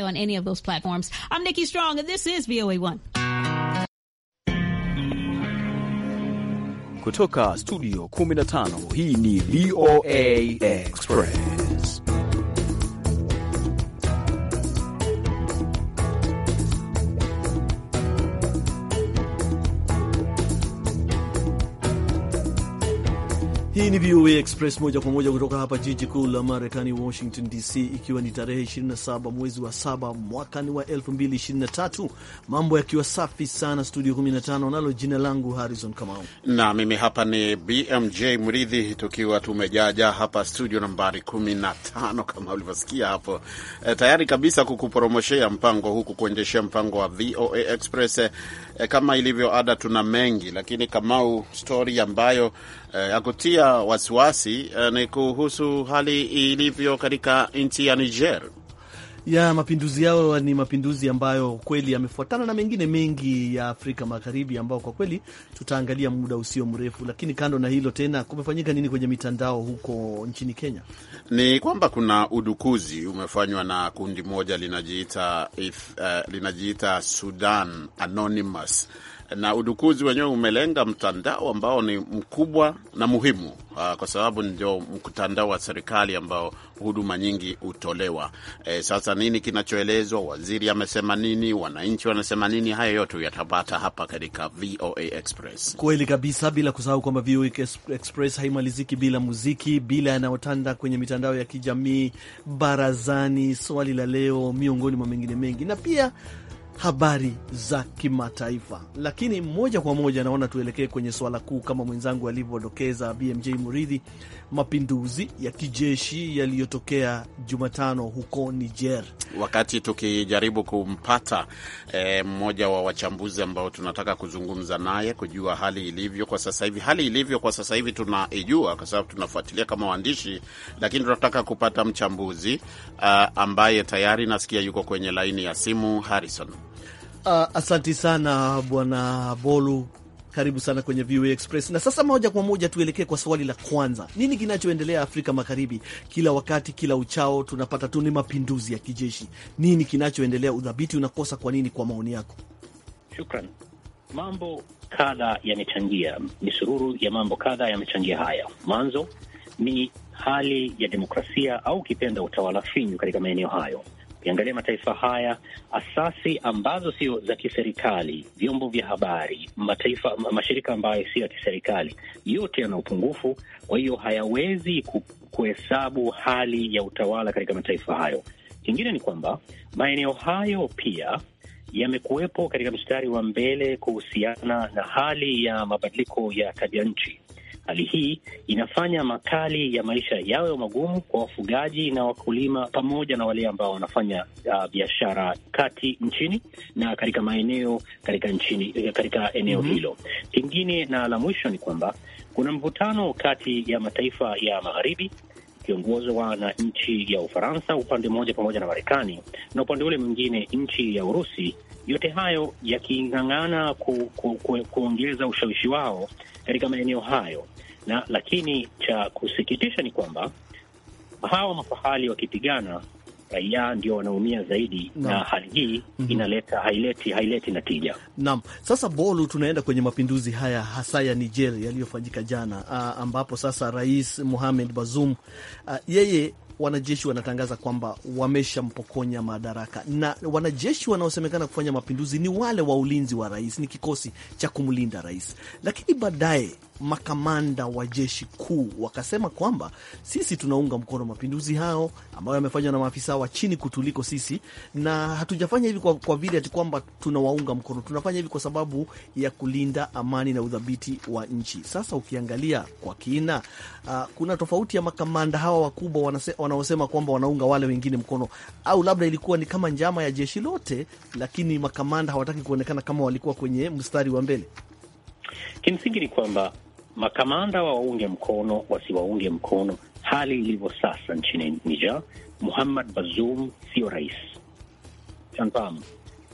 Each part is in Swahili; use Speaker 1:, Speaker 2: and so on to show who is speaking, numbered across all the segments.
Speaker 1: on any of those platforms. I'm Nikki Strong, and this is VOA One.
Speaker 2: Kutoka studio 15 hii ni VOA Express. Hii ni VOA Express moja kwa moja kutoka hapa jiji kuu la Marekani, Washington DC, ikiwa ni tarehe 27 mwezi wa saba mwakani wa 2023, mambo yakiwa safi sana studio 15, nalo jina langu Harrison Kamau
Speaker 1: na mimi hapa ni BMJ Mridhi, tukiwa tumejaja hapa studio nambari 15 kama ulivyosikia hapo e, tayari kabisa kukuporomoshea mpango huku kuendeshea mpango wa VOA Express E, kama ilivyo ada, tuna mengi lakini, Kamau, stori ambayo e, eh, ya kutia wasiwasi e, ni kuhusu hali ilivyo katika nchi ya Niger
Speaker 2: ya mapinduzi yao ni mapinduzi ambayo kweli yamefuatana na mengine mengi ya Afrika Magharibi, ambao kwa kweli tutaangalia muda usio mrefu. Lakini kando na hilo, tena kumefanyika nini kwenye mitandao huko nchini Kenya?
Speaker 1: Ni kwamba kuna udukuzi umefanywa na kundi moja linajiita, if, uh, eh, linajiita Sudan Anonymous na udukuzi wenyewe umelenga mtandao ambao ni mkubwa na muhimu uh, kwa sababu ndio mtandao wa serikali ambao huduma nyingi hutolewa. E, sasa nini kinachoelezwa? Waziri amesema nini? Wananchi wanasema nini? Haya yote yatapata hapa katika VOA Express.
Speaker 2: Kweli kabisa, bila kusahau kwamba VOA Express haimaliziki bila muziki, bila yanayotanda kwenye mitandao ya kijamii, barazani, swali la leo, miongoni mwa mengine mengi na pia habari za kimataifa. Lakini moja kwa moja, naona tuelekee kwenye swala kuu kama mwenzangu alivyodokeza BMJ Muridhi, mapinduzi ya kijeshi yaliyotokea Jumatano huko Niger.
Speaker 1: Wakati tukijaribu kumpata eh, mmoja eh, wa wachambuzi ambao tunataka kuzungumza naye kujua hali ilivyo kwa sasa hivi. Hali ilivyo kwa sasa hivi tunaijua kwa sababu tunafuatilia kama waandishi, lakini tunataka kupata mchambuzi uh, ambaye tayari nasikia yuko kwenye laini ya simu. Harrison
Speaker 2: Uh, asanti sana Bwana Bolu, karibu sana kwenye VOA Express. Na sasa moja kwa moja tuelekee kwa swali la kwanza, nini kinachoendelea Afrika Magharibi? Kila wakati kila uchao tunapata tu ni mapinduzi ya kijeshi. Nini kinachoendelea? Udhabiti unakosa. Kwa nini, kwa maoni yako? Shukran.
Speaker 3: Mambo kadha yamechangia, misururu ya mambo kadha yamechangia haya. Mwanzo ni hali ya demokrasia au kipenda utawala finyu katika maeneo hayo Ukiangalia mataifa haya, asasi ambazo sio za kiserikali, vyombo vya habari, mataifa, mashirika ambayo sio ya kiserikali, yote yana upungufu. Kwa hiyo hayawezi kuhesabu hali ya utawala katika mataifa hayo. Kingine ni kwamba maeneo hayo pia yamekuwepo katika mstari wa mbele kuhusiana na hali ya mabadiliko ya tabia nchi. Hali hii inafanya makali ya maisha yawe magumu kwa wafugaji na wakulima pamoja na wale ambao wanafanya uh, biashara kati nchini na katika maeneo katika nchini katika eneo mm -hmm. hilo. Kingine na la mwisho ni kwamba kuna mvutano kati ya mataifa ya magharibi ikiongozwa na nchi ya Ufaransa upande mmoja pamoja na Marekani na upande ule mwingine nchi ya Urusi yote hayo yaking'ang'ana ku, ku, ku, kuongeza ushawishi wao katika maeneo hayo, na lakini cha kusikitisha ni kwamba hawa mafahali wakipigana raia ndio wanaumia zaidi na, na hali hii mm -hmm. inaleta haileti haileti natija.
Speaker 2: Naam, sasa Bolu, tunaenda kwenye mapinduzi haya hasa ya Niger yaliyofanyika jana, uh, ambapo sasa Rais Mohamed Bazoum uh, yeye wanajeshi wanatangaza kwamba wameshampokonya madaraka, na wanajeshi wanaosemekana kufanya mapinduzi ni wale wa ulinzi wa rais, ni kikosi cha kumlinda rais, lakini baadaye makamanda wa jeshi kuu wakasema kwamba sisi tunaunga mkono mapinduzi hao ambayo yamefanywa na maafisa wa chini kutuliko sisi, na hatujafanya hivi kwa, kwa vile ati kwamba tunawaunga mkono. Tunafanya hivi kwa sababu ya kulinda amani na udhabiti wa nchi. Sasa ukiangalia kwa kina, uh, kuna tofauti ya makamanda hawa wakubwa wanaosema kwamba wanaunga wale wengine mkono, au labda ilikuwa ni kama njama ya jeshi lote, lakini makamanda hawataki kuonekana kama walikuwa kwenye mstari wa mbele.
Speaker 3: Kimsingi ni kwamba makamanda wawaunge mkono, wasiwaunge mkono, hali ilivyo sasa nchini Niger, Muhammad Bazoum sio rais. Fahamu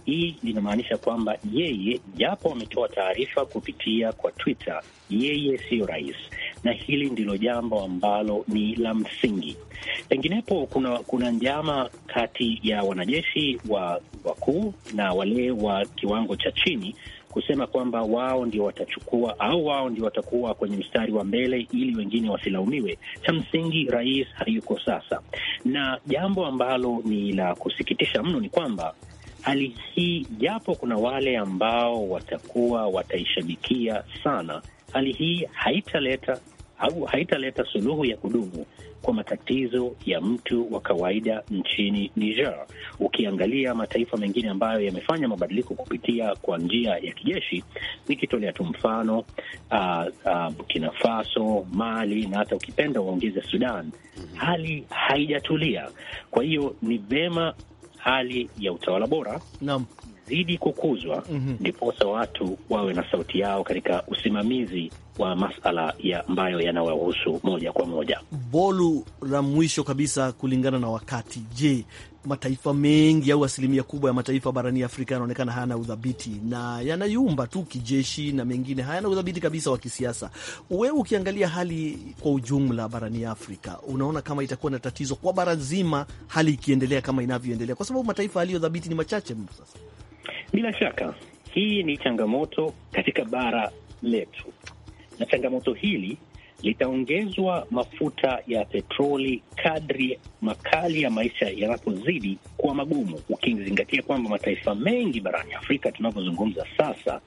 Speaker 3: hii linamaanisha kwamba yeye, japo ametoa taarifa kupitia kwa Twitter, yeye siyo rais, na hili ndilo jambo ambalo ni la msingi. Penginepo kuna, kuna njama kati ya wanajeshi wa wakuu na wale wa kiwango cha chini kusema kwamba wao ndio watachukua au wao ndio watakuwa kwenye mstari wa mbele ili wengine wasilaumiwe. Cha msingi, rais hayuko sasa, na jambo ambalo ni la kusikitisha mno ni kwamba hali hii, japo kuna wale ambao watakuwa wataishabikia sana, hali hii haitaleta au haitaleta suluhu ya kudumu kwa matatizo ya mtu wa kawaida nchini Niger. Ukiangalia mataifa mengine ambayo yamefanya mabadiliko kupitia kwa njia ya kijeshi, nikitolea tu mfano ah, ah, Burkina Faso, Mali na hata ukipenda uongeze Sudan, hali haijatulia. Kwa hiyo ni vema hali ya utawala bora naam zidi kukuzwa, mhm. ndiposa mm -hmm. watu wawe na sauti yao katika usimamizi wa masala ya ambayo yanawahusu moja kwa moja.
Speaker 2: Bolu la mwisho kabisa, kulingana na wakati, je, mataifa mengi au asilimia kubwa ya mataifa barani Afrika yanaonekana hayana udhabiti na yanayumba tu kijeshi, na mengine hayana udhabiti kabisa wa kisiasa. Wewe ukiangalia hali kwa ujumla barani Afrika, unaona kama itakuwa na tatizo kwa bara zima, hali ikiendelea kama inavyoendelea, kwa sababu mataifa
Speaker 3: yaliyodhabiti ni machache mno. Sasa bila shaka hii ni changamoto katika bara letu na changamoto hili litaongezwa mafuta ya petroli kadri makali ya maisha yanapozidi kuwa magumu, ukizingatia kwamba mataifa mengi barani Afrika tunavyozungumza sasa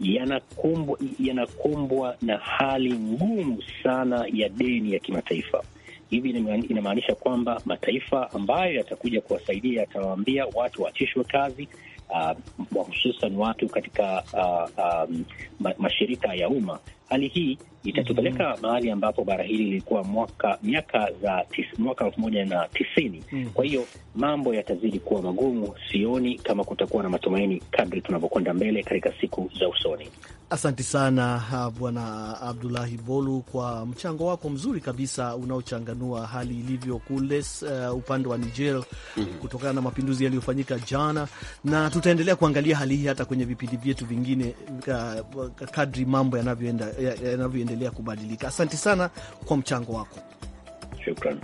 Speaker 3: yanakumbwa yanakumbwa na hali ngumu sana ya deni ya kimataifa. Hivi inamaanisha kwamba mataifa ambayo yatakuja kuwasaidia yatawaambia watu waachishwe kazi, uh, hususan watu katika uh, um, mashirika ya umma hali hii itatupeleka mm -hmm. mahali ambapo bara hili lilikuwa mwaka miaka za tis, mwaka elfu moja na tisini. mm -hmm. Kwa hiyo mambo yatazidi kuwa magumu, sioni kama kutakuwa na matumaini kadri tunavyokwenda mbele katika siku za usoni.
Speaker 2: Asante sana Bwana Abdulahi Bolu kwa mchango wako mzuri kabisa unaochanganua hali ilivyo kule uh, upande wa Niger mm -hmm. kutokana na mapinduzi yaliyofanyika jana, na tutaendelea kuangalia hali hii hata kwenye vipindi vyetu vingine uh, kadri mambo yanavyoenda ya, ya, zinaendelea kubadilika. Asante sana kwa mchango wako, shukran.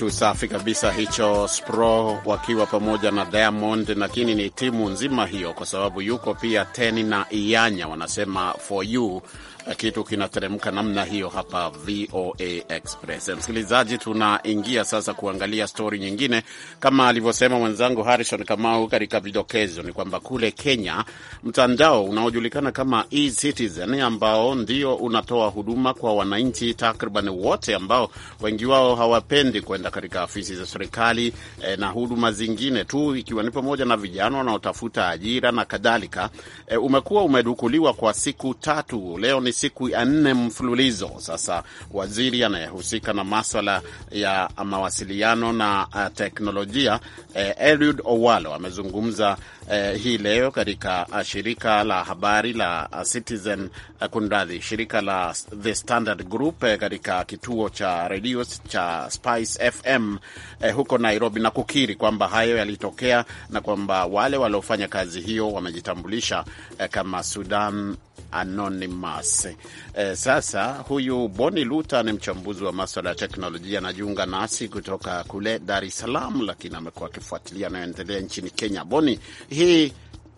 Speaker 1: kitu safi kabisa hicho, Spro wakiwa pamoja na Diamond, lakini ni timu nzima hiyo, kwa sababu yuko pia Teni na Iyanya wanasema for you Eh, kitu kinateremka namna hiyo hapa VOA Express. Eh, msikilizaji, tunaingia sasa kuangalia stori nyingine. Kama alivyosema mwenzangu Harrison Kamau katika vidokezo, ni kwamba kule Kenya mtandao unaojulikana kama eCitizen ambao ndio unatoa huduma kwa wananchi takriban wote ambao wengi wao hawapendi kwenda katika afisi za serikali eh, na huduma zingine tu, ikiwa ni pamoja na vijana wanaotafuta ajira na kadhalika, eh, umekuwa umedukuliwa kwa siku tatu. Leo ni ni siku ya nne mfululizo sasa. Waziri anayehusika na maswala ya mawasiliano na eh, teknolojia eh, Eliud Owalo amezungumza eh, hii leo katika eh, shirika la habari la eh, Citizen kundadhi, shirika la The Standard Group eh, katika kituo cha redio cha Spice FM eh, huko Nairobi na kukiri kwamba hayo yalitokea na kwamba wale waliofanya kazi hiyo wamejitambulisha eh, kama Sudan Anonymous. E, sasa huyu Boni Luta ni mchambuzi wa maswala ya teknolojia, anajiunga nasi kutoka kule Dar es Salaam, lakini amekuwa akifuatilia anayoendelea nchini Kenya. Boni, hii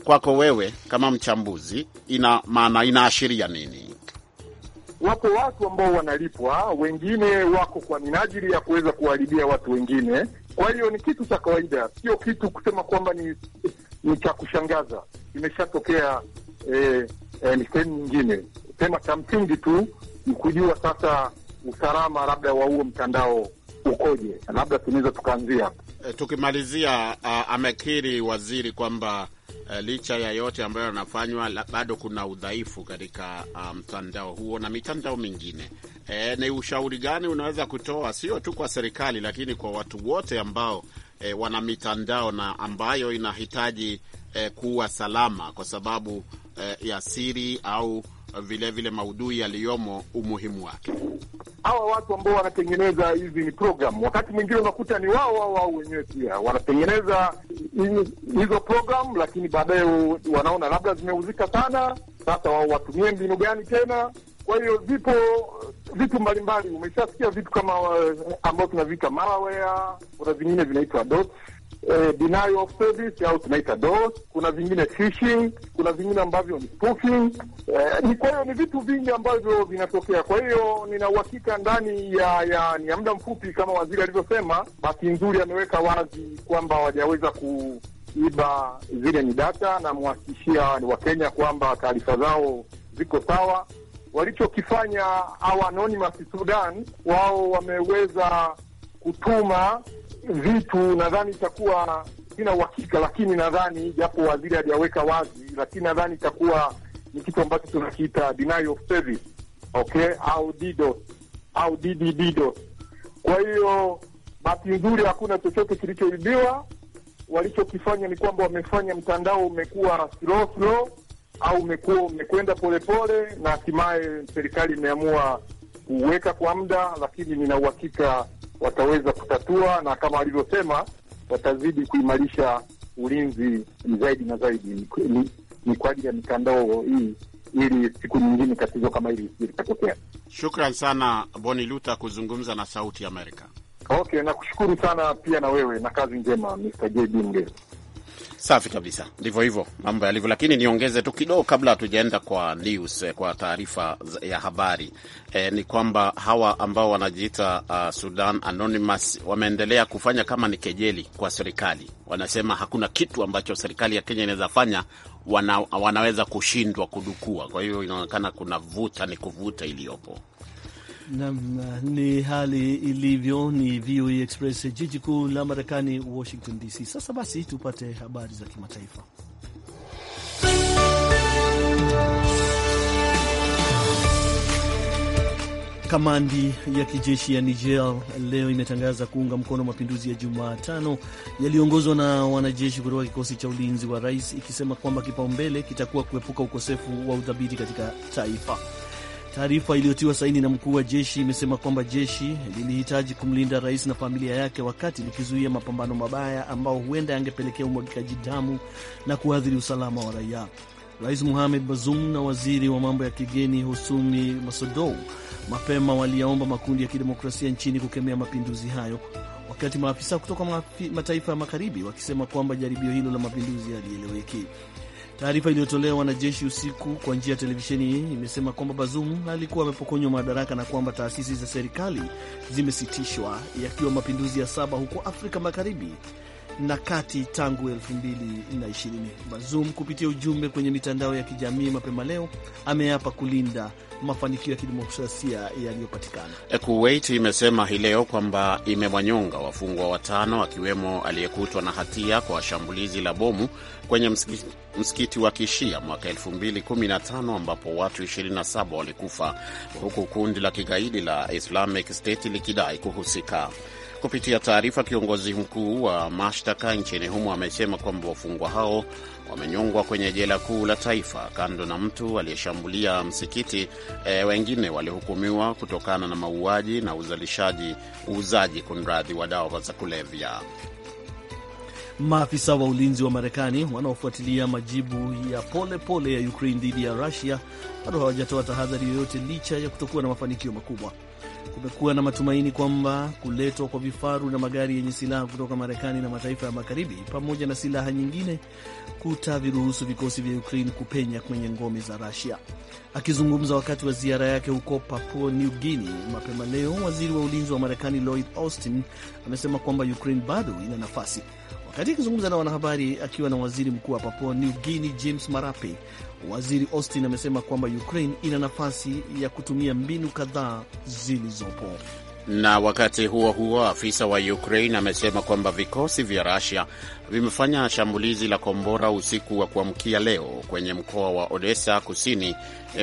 Speaker 1: kwako wewe kama mchambuzi, ina maana inaashiria nini?
Speaker 4: wapo watu ambao wanalipwa, wengine wako kwa minajili ya kuweza kuwaharibia watu wengine. Kwa hiyo ni kitu cha kawaida, sio kitu kusema kwamba ni ni cha kushangaza, imeshatokea eh, eh, ni sehemu nyingine. Sema cha msingi tu ni kujua sasa usalama labda wa huo mtandao ukoje, labda tunaweza tukaanzia e,
Speaker 1: tukimalizia. Uh, amekiri waziri kwamba uh, licha ya yote ambayo yanafanywa bado kuna udhaifu katika ah, mtandao huo na mitandao mingine. E, ni ushauri gani unaweza kutoa sio tu kwa serikali, lakini kwa watu wote ambao e, wana mitandao na ambayo inahitaji e, kuwa salama kwa sababu e, ya siri au vilevile vile maudhui yaliyomo, umuhimu wake.
Speaker 4: Hawa watu ambao wanatengeneza hizi ni program, wakati mwingine unakuta ni wao wao wao wenyewe pia wanatengeneza hizo program, lakini baadaye wanaona labda zimeuzika sana, sasa wao watumie mbinu gani tena? Kwa hiyo zipo vitu mbalimbali. Umeshasikia vitu kama uh, ambao tunaviita malware, kuna vingine vinaitwa dot E, denial of service au tunaita dot, Kuna vingine phishing, kuna vingine ambavyo ni spoofing. Eh, ni kwa hiyo ni vitu vingi ambavyo vinatokea. Kwa hiyo nina uhakika ndani ya ya, ya muda mfupi kama waziri alivyosema, bahati nzuri ameweka wazi kwamba ku kuiba zile ni data, na Wakenya kwamba taarifa zao ziko sawa walichokifanya au Anonymous Sudan, wao wameweza kutuma vitu, nadhani itakuwa sina uhakika, lakini nadhani japo waziri hajaweka wazi, lakini nadhani itakuwa ni kitu ambacho tunakiita denial of service, okay, au DDoS au DDDoS. Kwa hiyo bahati nzuri hakuna chochote kilichoibiwa. Walichokifanya ni kwamba wamefanya mtandao umekuwa slow slow au umekuwa umekwenda polepole, na hatimaye serikali imeamua kuweka kwa muda, lakini nina uhakika wataweza kutatua, na kama alivyosema, watazidi kuimarisha ulinzi zaidi na zaidi. Ni, ni kwa ajili ya mitandao hii ili siku nyingine tatizo kama hili litatokea.
Speaker 1: Shukran sana Boni Luta kuzungumza na Sauti Amerika. Okay, nakushukuru sana pia na wewe, na kazi
Speaker 4: njema Mr. JB Mgeni.
Speaker 1: Safi kabisa, ndivyo hivyo mambo yalivyo. Lakini niongeze tu kidogo, kabla hatujaenda kwa news, eh, kwa taarifa ya habari e, ni kwamba hawa ambao wanajiita uh, Sudan Anonymous wameendelea kufanya kama ni kejeli kwa serikali. Wanasema hakuna kitu ambacho serikali ya Kenya inaweza fanya, wana, wanaweza kushindwa kudukua. Kwa hiyo inaonekana kuna vuta ni kuvuta iliyopo.
Speaker 2: Nam ni hali ilivyo. Ni VOA Express, jiji kuu la Marekani, Washington DC. Sasa basi, tupate habari za kimataifa. Kamandi ya kijeshi ya Niger leo imetangaza kuunga mkono mapinduzi ya Jumatano yaliyoongozwa na wanajeshi kutoka kikosi cha ulinzi wa rais, ikisema kwamba kipaumbele kitakuwa kuepuka ukosefu wa uthabiti katika taifa. Taarifa iliyotiwa saini na mkuu wa jeshi imesema kwamba jeshi lilihitaji kumlinda rais na familia yake wakati likizuia mapambano mabaya ambao huenda yangepelekea umwagikaji damu na kuathiri usalama wa raia. Rais Mohamed Bazoum na waziri wa mambo ya kigeni Hosumi Masodou mapema waliyaomba makundi ya kidemokrasia nchini kukemea mapinduzi hayo, wakati maafisa kutoka mataifa ya magharibi wakisema kwamba jaribio hilo la mapinduzi halieleweki. Taarifa iliyotolewa na jeshi usiku kwa njia ya televisheni imesema kwamba Bazoum alikuwa amepokonywa madaraka na kwamba taasisi za serikali zimesitishwa, yakiwa mapinduzi ya saba huko Afrika Magharibi na kati tangu 2020. Bazoum kupitia ujumbe kwenye mitandao ya kijamii mapema leo ameapa kulinda mafanikio ya kidemokrasia yaliyopatikana.
Speaker 1: Kuwait imesema hii leo kwamba imewanyonga wafungwa watano akiwemo aliyekutwa na hatia kwa shambulizi la bomu kwenye msikiti, msikiti wa Kishia mwaka 2015 ambapo watu 27 walikufa huku kundi la kigaidi la Islamic State likidai kuhusika. Kupitia taarifa, kiongozi mkuu wa mashtaka nchini humo amesema kwamba wafungwa hao wamenyongwa kwenye jela kuu la taifa. Kando na mtu aliyeshambulia msikiti e, wengine walihukumiwa kutokana na mauaji na uzalishaji, uuzaji kunradhi, wa dawa za kulevya.
Speaker 2: Maafisa wa ulinzi wa Marekani wanaofuatilia majibu ya pole pole ya Ukraine dhidi ya Rusia bado hawajatoa tahadhari yoyote licha ya kutokuwa na mafanikio makubwa. Kumekuwa na matumaini kwamba kuletwa kwa vifaru na magari yenye silaha kutoka Marekani na mataifa ya Magharibi pamoja na silaha nyingine kutaviruhusu vikosi vya Ukraine kupenya kwenye ngome za Rusia. Akizungumza wakati wa ziara yake huko Papua New Guinea mapema leo, waziri wa ulinzi wa Marekani Lloyd Austin amesema kwamba Ukraine bado ina nafasi Wakati akizungumza na wanahabari akiwa na waziri mkuu wa Papua New Guinea James Marape, waziri Austin amesema kwamba Ukraine ina nafasi ya kutumia mbinu kadhaa zilizopo.
Speaker 1: Na wakati huo huo, afisa wa Ukraine amesema kwamba vikosi vya Rusia vimefanya shambulizi la kombora usiku wa kuamkia leo kwenye mkoa wa Odessa kusini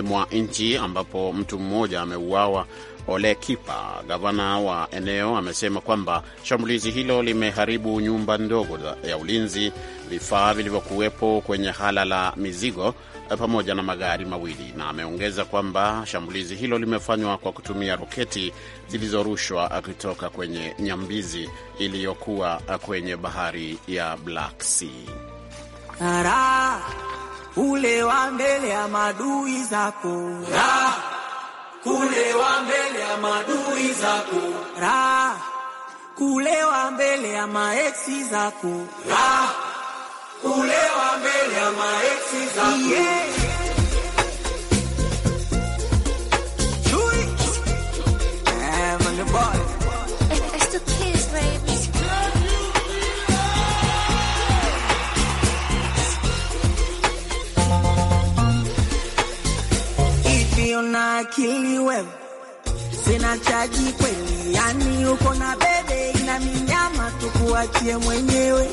Speaker 1: mwa nchi ambapo mtu mmoja ameuawa Ole Kipa, gavana wa eneo, amesema kwamba shambulizi hilo limeharibu nyumba ndogo ya ulinzi, vifaa vilivyokuwepo kwenye hala la mizigo eh, pamoja na magari mawili, na ameongeza kwamba shambulizi hilo limefanywa kwa kutumia roketi zilizorushwa eh, kutoka kwenye nyambizi iliyokuwa eh, kwenye bahari ya Black Sea.
Speaker 5: ara ule wa mbele ya madui zako kulewa mbele ya madui zako, ra kulewa mbele ya maeksi zako, ra kulewa mbele ya maeksi zako yeah. Eh, boy. na akili wewe, sina chaji kweli, yani uko na bebe na minyama, tukuachie mwenyewe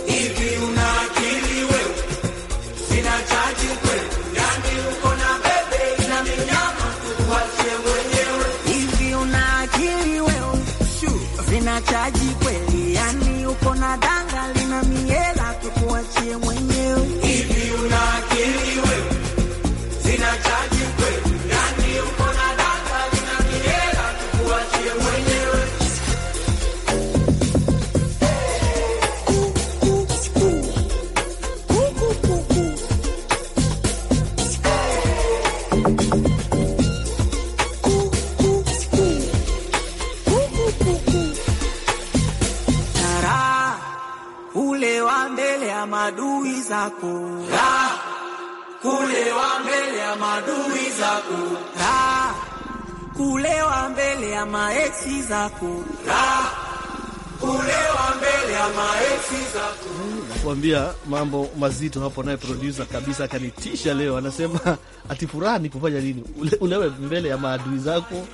Speaker 5: kulewa mbele ya maeksi zako
Speaker 2: nakwambia mambo mazito hapo. Naye producer kabisa akanitisha leo, anasema ati furaha ni kufanya nini? Ulewe mbele ya maadui zako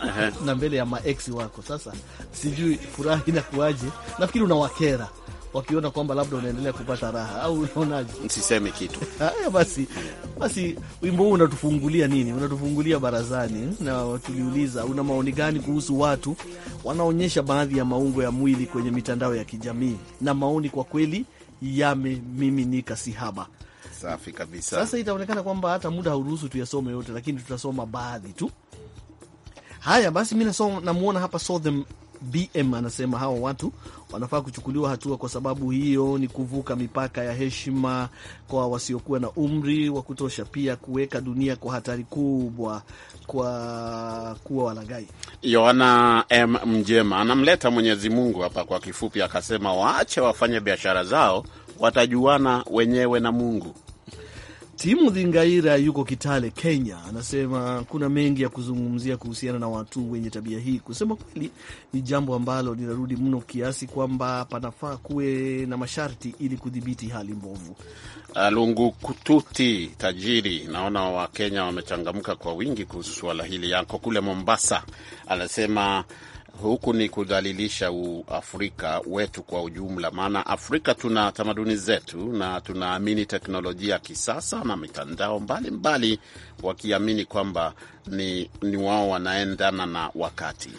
Speaker 2: na mbele ya maeksi wako. Sasa sijui furaha inakuwaje, nafikiri unawakera wakiona kwamba labda unaendelea kupata raha au unaonaje? Msiseme kitu. Haya basi, basi wimbo huu unatufungulia nini? Unatufungulia barazani, na tuliuliza una maoni gani kuhusu watu wanaonyesha baadhi ya maungo ya mwili kwenye mitandao ya kijamii, na maoni kwa kweli yamemiminika sihaba.
Speaker 1: Safi kabisa. Sasa
Speaker 2: itaonekana kwamba hata muda hauruhusu tuyasome yote, lakini tutasoma baadhi tu. Haya basi, mi namuona hapa Sothem BM anasema hawa watu wanafaa kuchukuliwa hatua, kwa sababu hiyo ni kuvuka mipaka ya heshima kwa wasiokuwa na umri wa kutosha, pia kuweka dunia kwa hatari kubwa kwa kuwa walagai.
Speaker 1: Yohana M Mjema anamleta Mwenyezi Mungu hapa kwa kifupi, akasema waache wafanye biashara zao, watajuana wenyewe na Mungu.
Speaker 2: Timothy Ngaira yuko Kitale, Kenya, anasema kuna mengi ya kuzungumzia kuhusiana na watu wenye tabia hii. Kusema kweli, ni jambo ambalo linarudi mno kiasi kwamba panafaa kuwe na masharti ili kudhibiti hali mbovu.
Speaker 1: Ah, Lungu Kututi Tajiri, naona Wakenya wamechangamka kwa wingi kuhusu suala hili. Yako kule Mombasa, anasema huku ni kudhalilisha uafrika wetu kwa ujumla, maana Afrika tuna tamaduni zetu na tunaamini teknolojia kisasa na mitandao mbalimbali, wakiamini kwamba ni, ni wao wanaendana na wakati.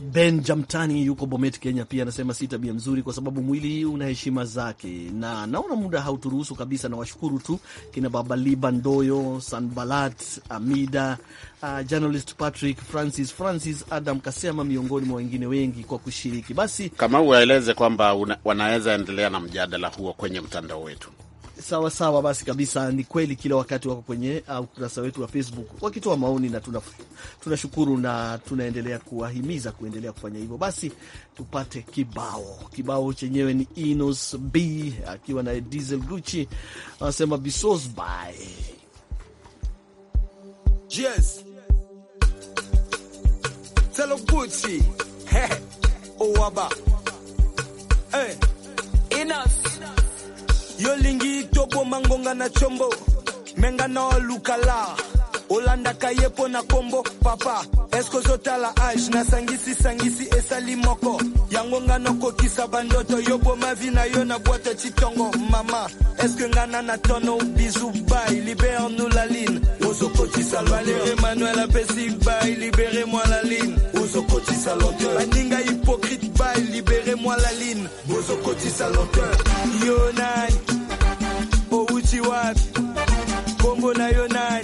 Speaker 2: Ben Jamtani yuko Bomet, Kenya, pia anasema si tabia mzuri kwa sababu mwili una heshima zake, na naona muda hauturuhusu kabisa. Na washukuru tu kina Baba Liba Ndoyo, Sanbalat Amida, uh, journalist Patrick Francis, Francis Adam Kasema, miongoni mwa wengine wengi kwa kushiriki. Basi
Speaker 1: kama uwaeleze kwamba wanaweza endelea na mjadala huo kwenye mtandao wetu.
Speaker 2: Sawa sawa, basi kabisa, ni kweli. Kila wakati wako kwenye uh, ukurasa wetu wa Facebook wakitoa maoni, na tunashukuru tuna na tunaendelea kuwahimiza kuendelea kufanya hivyo. Basi tupate kibao. Kibao chenyewe ni Inos B akiwa na Diesel Gucci, anasema bisos by
Speaker 5: yes. Gucci hey. Oh, Inos yolingi toboma mangonga na chombo menga na olanda Kaye mpo na nkombo papa eske ozotala age nasangisisangisi esali moko yango nga nakokisa bandoto yoboma vi na yo na bwate titongo mama Est-ce na na tono bizu bai libere nous la ligne koti valeur emmanuel apesi bai libere moi la ligne koti lenteur baninga hypocrite bai libere moi la ligne koti lenteur yo nani outi wapi kombo na yo nani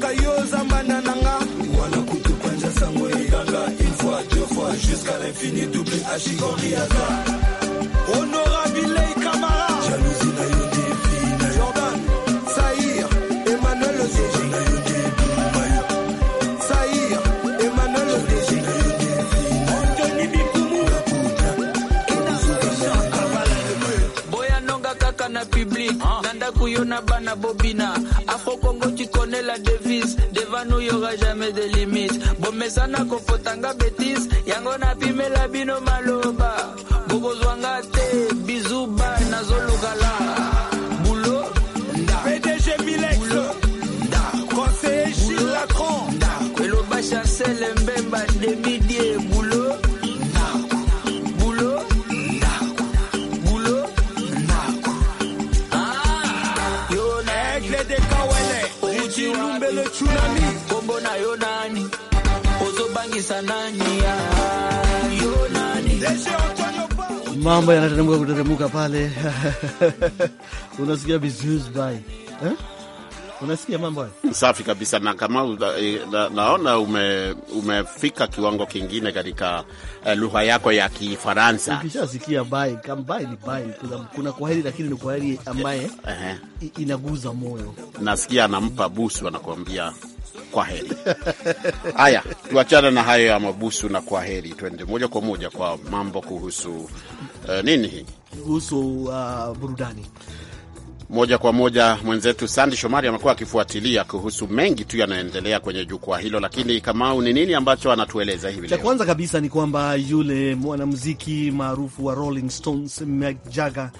Speaker 5: jusqu'à l'infini, double H, Riaza. Oh non Yonabana Bana Bobina, Afro Congo tu connais la devise, devant nous y aura jamais de limites. ko kofotanga bêtise, yango na pimela bino maloba, bokozwanga te, bisou bye nazolukala. da PDG Milex, conseiller Gilles Lacron, Eloba le Mbemba Demidie, tsunami kombo na yonani ozobangisa nani yonani
Speaker 2: mambo yanateremka kuteremuka pale unasikia eh? Unasikia mambo hayo?
Speaker 1: Safi kabisa. Na eh, na, naona ume, umefika kiwango kingine katika eh, lugha yako ya Kifaransa.
Speaker 2: Ukishasikia bye come bye ni bye, kuna, kuna kwaheri, lakini ni kwaheri ambaye uh
Speaker 1: -huh.
Speaker 2: inaguza moyo.
Speaker 1: Nasikia anampa busu, anakuambia kwaheri. Haya, tuachane na hayo ya mabusu na kwaheri, tuende moja kwa moja kwa mambo kuhusu uh, nini hii
Speaker 2: kuhusu uh, burudani
Speaker 1: moja kwa moja mwenzetu Sandi Shomari amekuwa akifuatilia kuhusu mengi tu yanayoendelea kwenye jukwaa hilo, lakini Kamau, ni nini ambacho anatueleza hivi Cha kwanza
Speaker 2: kabisa ni kwamba yule mwanamuziki maarufu wa Rolling Stones Mick Jagger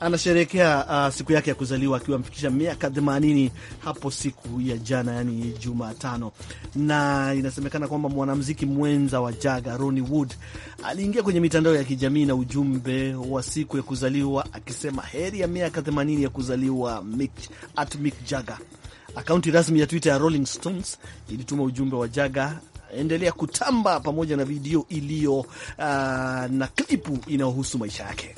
Speaker 2: anasherehekea uh, siku yake ya kuzaliwa akiwa amefikisha miaka 80 hapo siku ya jana, yani Jumatano. Na inasemekana kwamba mwanamuziki mwenza wa Jaga Ronnie Wood aliingia kwenye mitandao ya kijamii na ujumbe wa siku ya kuzaliwa akisema heri ya miaka 80 ya kuzaliwa Mick, at Mick Jaga. Akaunti rasmi ya Twitter ya Rolling Stones ilituma ujumbe wa Jaga endelea kutamba pamoja na video iliyo uh, na klipu inayohusu maisha yake.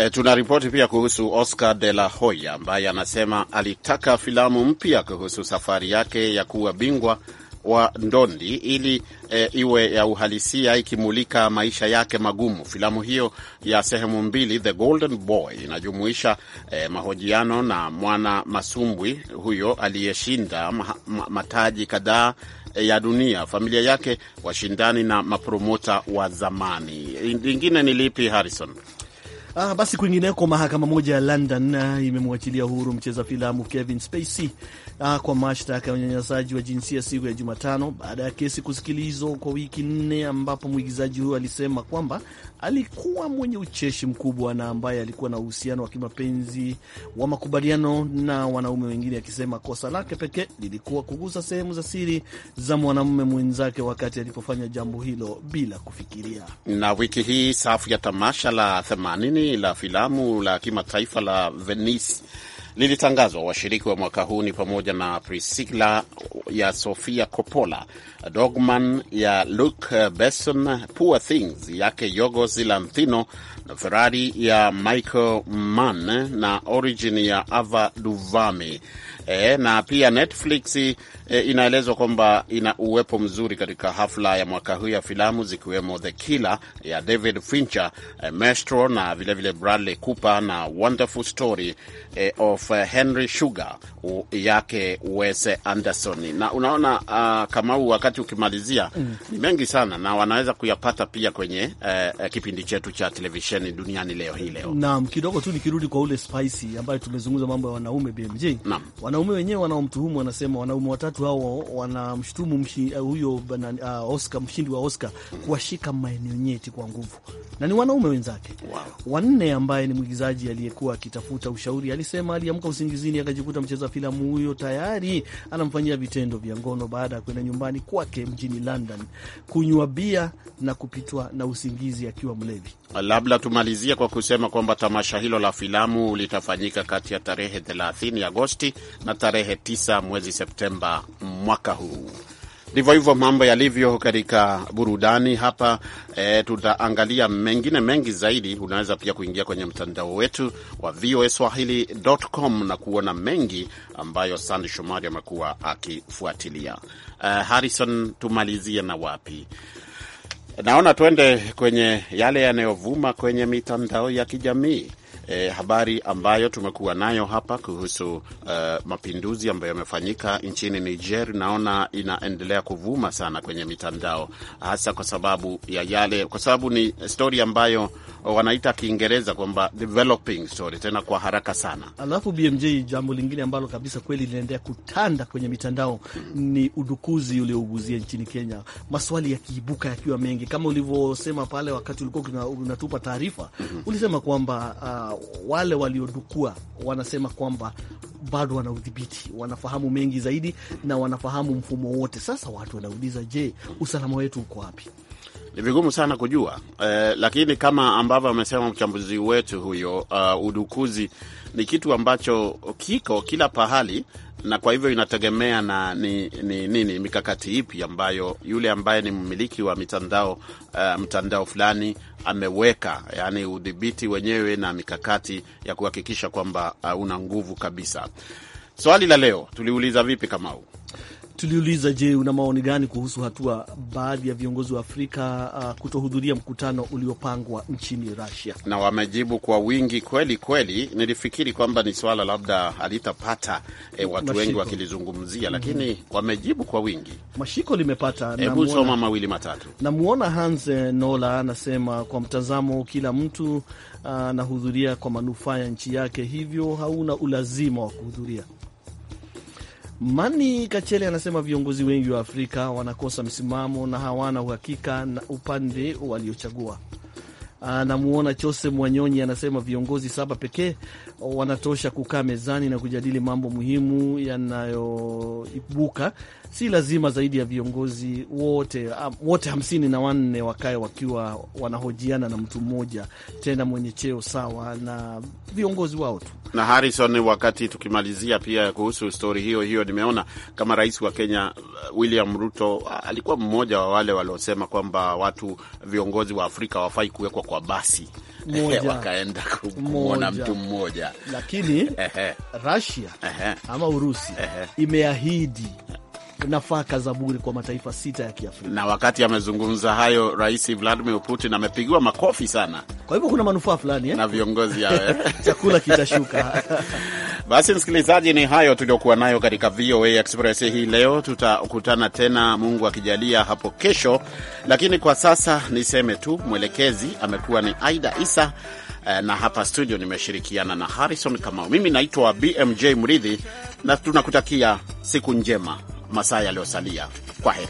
Speaker 1: E, tuna ripoti pia kuhusu Oscar de la Hoya ambaye anasema alitaka filamu mpya kuhusu safari yake ya kuwa bingwa wa ndondi ili e, iwe ya uhalisia ikimulika maisha yake magumu. Filamu hiyo ya sehemu mbili, The Golden Boy, inajumuisha e, mahojiano na mwana masumbwi huyo aliyeshinda ma, ma, mataji kadhaa ya dunia, familia yake, washindani na mapromota wa zamani. Lingine ni lipi, Harrison?
Speaker 2: Ah, basi kwingineko, mahakama moja ya London ah, imemwachilia huru mcheza filamu Kevin Spacey ah, kwa mashtaka ya unyanyasaji wa jinsia siku ya Jumatano baada ya kesi kusikilizwa kwa wiki nne, ambapo mwigizaji huyo alisema kwamba alikuwa mwenye ucheshi mkubwa na ambaye alikuwa na uhusiano wa kimapenzi wa makubaliano na wanaume wengine, akisema kosa lake pekee lilikuwa kugusa sehemu za siri za mwanamume mwenzake wakati alipofanya jambo hilo bila kufikiria.
Speaker 1: Na wiki hii safu ya tamasha la 80 la filamu la kimataifa la Venice lilitangazwa washiriki wa mwaka huu ni pamoja na Priscilla ya Sofia Coppola, Dogman ya Luc Besson, Poor Things yake Yorgos Lanthimos, na Ferrari ya Michael Mann na Origin ya Ava DuVernay e, na pia Netflix e, inaelezwa kwamba ina uwepo mzuri katika hafla ya mwaka huu ya filamu zikiwemo The Killer ya David Fincher, e, Maestro na vilevile vile Bradley Cooper na Wonderful Story e, of Henry Sugar u, yake Wes Anderson. Na unaona uh, ah, kama huu wakati ukimalizia mm. ni mm, mengi sana na wanaweza kuyapata pia kwenye uh, kipindi chetu cha televisheni duniani leo hii leo.
Speaker 2: Naam, kidogo tu nikirudi kwa ule spicy ambayo tumezungumza mambo ya wanaume BMJ. Naam. Wana wanaume wenyewe wanaomtuhumu wanasema wanaume watatu hao wanamshutumu eh, huyo uh, Oscar, mshindi wa Oscar kuwashika maeneo nyeti kwa nguvu, na ni wanaume wenzake wow. Wanne ambaye ni mwigizaji aliyekuwa akitafuta ushauri alisema aliamka usingizini akajikuta mcheza filamu huyo tayari anamfanyia vitendo vya ngono baada ya kwenda nyumbani kwake mjini London kunywa bia na kupitwa na usingizi akiwa mlevi.
Speaker 1: Labda tumalizie kwa kusema kwamba tamasha hilo la filamu litafanyika kati ya tarehe 30 Agosti na tarehe 9 mwezi Septemba mwaka huu. Ndivyo hivyo mambo yalivyo katika burudani hapa. E, tutaangalia mengine mengi zaidi. Unaweza pia kuingia kwenye mtandao wetu wa VOA Swahili.com na kuona mengi ambayo Sandi Shomari amekuwa akifuatilia. E, Harrison, tumalizie na wapi? Naona tuende kwenye yale yanayovuma kwenye mitandao ya kijamii. E, habari ambayo tumekuwa nayo hapa kuhusu uh, mapinduzi ambayo yamefanyika nchini Niger, naona inaendelea kuvuma sana kwenye mitandao, hasa kwa sababu ya yale, kwa sababu ni stori ambayo wanaita Kiingereza kwamba developing story, tena kwa haraka sana.
Speaker 2: Alafu BMJ, jambo lingine ambalo kabisa kweli linaendelea kutanda kwenye mitandao mm, ni udukuzi uliouguzia nchini Kenya, maswali yakiibuka yakiwa mengi kama ulivyosema pale wakati ulikuwa unatupa taarifa mm -hmm. ulisema kwamba uh, wale waliodukua wanasema kwamba bado wana udhibiti, wanafahamu mengi zaidi na wanafahamu mfumo wote. Sasa watu wanauliza, je, usalama wetu uko wapi?
Speaker 1: ni vigumu sana kujua eh, lakini kama ambavyo amesema mchambuzi wetu huyo, uh, udukuzi ni kitu ambacho kiko kila pahali, na kwa hivyo inategemea na ni nini ni, ni, mikakati ipi ambayo yule ambaye ni mmiliki wa mitandao uh, mtandao fulani ameweka, yani udhibiti wenyewe na mikakati ya kuhakikisha kwamba uh, una nguvu kabisa. Swali la leo tuliuliza vipi, Kamau?
Speaker 2: Tuliuliza, je, una maoni gani kuhusu hatua baadhi ya viongozi wa Afrika uh, kutohudhuria mkutano uliopangwa nchini Russia,
Speaker 1: na wamejibu kwa wingi kweli kweli. Nilifikiri kwamba ni swala labda halitapata eh, watu wengi wakilizungumzia, lakini mm -hmm. wamejibu kwa wingi,
Speaker 2: mashiko limepata. Hebu soma
Speaker 1: mawili matatu.
Speaker 2: Namwona Hans Nola anasema kwa mtazamo, kila mtu uh, anahudhuria uh, kwa manufaa ya nchi yake, hivyo hauna ulazima wa kuhudhuria. Mani Kachele anasema viongozi wengi wa Afrika wanakosa msimamo na hawana uhakika na upande waliochagua. Anamuona Chose Mwanyonyi anasema viongozi saba pekee wanatosha kukaa mezani na kujadili mambo muhimu yanayoibuka si lazima zaidi ya viongozi wote wote hamsini na wanne wakae wakiwa wanahojiana na mtu mmoja tena mwenye cheo sawa na viongozi wao tu.
Speaker 1: Na Harrison, wakati tukimalizia pia kuhusu stori hiyo hiyo, nimeona kama rais wa Kenya uh, William Ruto uh, alikuwa mmoja wa wale waliosema kwamba watu viongozi wa Afrika wafai kuwekwa kwa basi moja, wakaenda kumwona mtu mmoja lakini Russia ama Urusi
Speaker 2: imeahidi nafaka za bure kwa mataifa sita ya Kiafrika.
Speaker 1: Na wakati amezungumza hayo, Rais Vladimir Putin amepigiwa makofi sana. Kwa hivyo kuna manufaa fulani eh? na viongozi hao eh? chakula
Speaker 2: kitashuka.
Speaker 1: Basi msikilizaji, ni hayo tuliokuwa nayo katika VOA Express hii leo. Tutakutana tena Mungu akijalia hapo kesho, lakini kwa sasa niseme tu mwelekezi amekuwa ni Aida Isa eh, na hapa studio nimeshirikiana na Harrison Kamau. Mimi naitwa BMJ Mridhi na tunakutakia siku njema. masaa yaliyosalia. Kwa heri.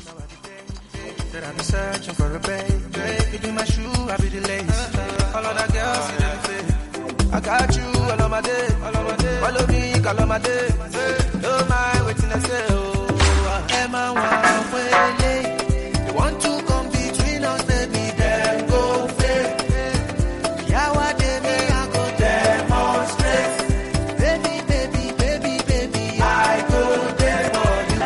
Speaker 5: I got you all of my day, all of my day. Follow me, all of my day. Hey. Oh my.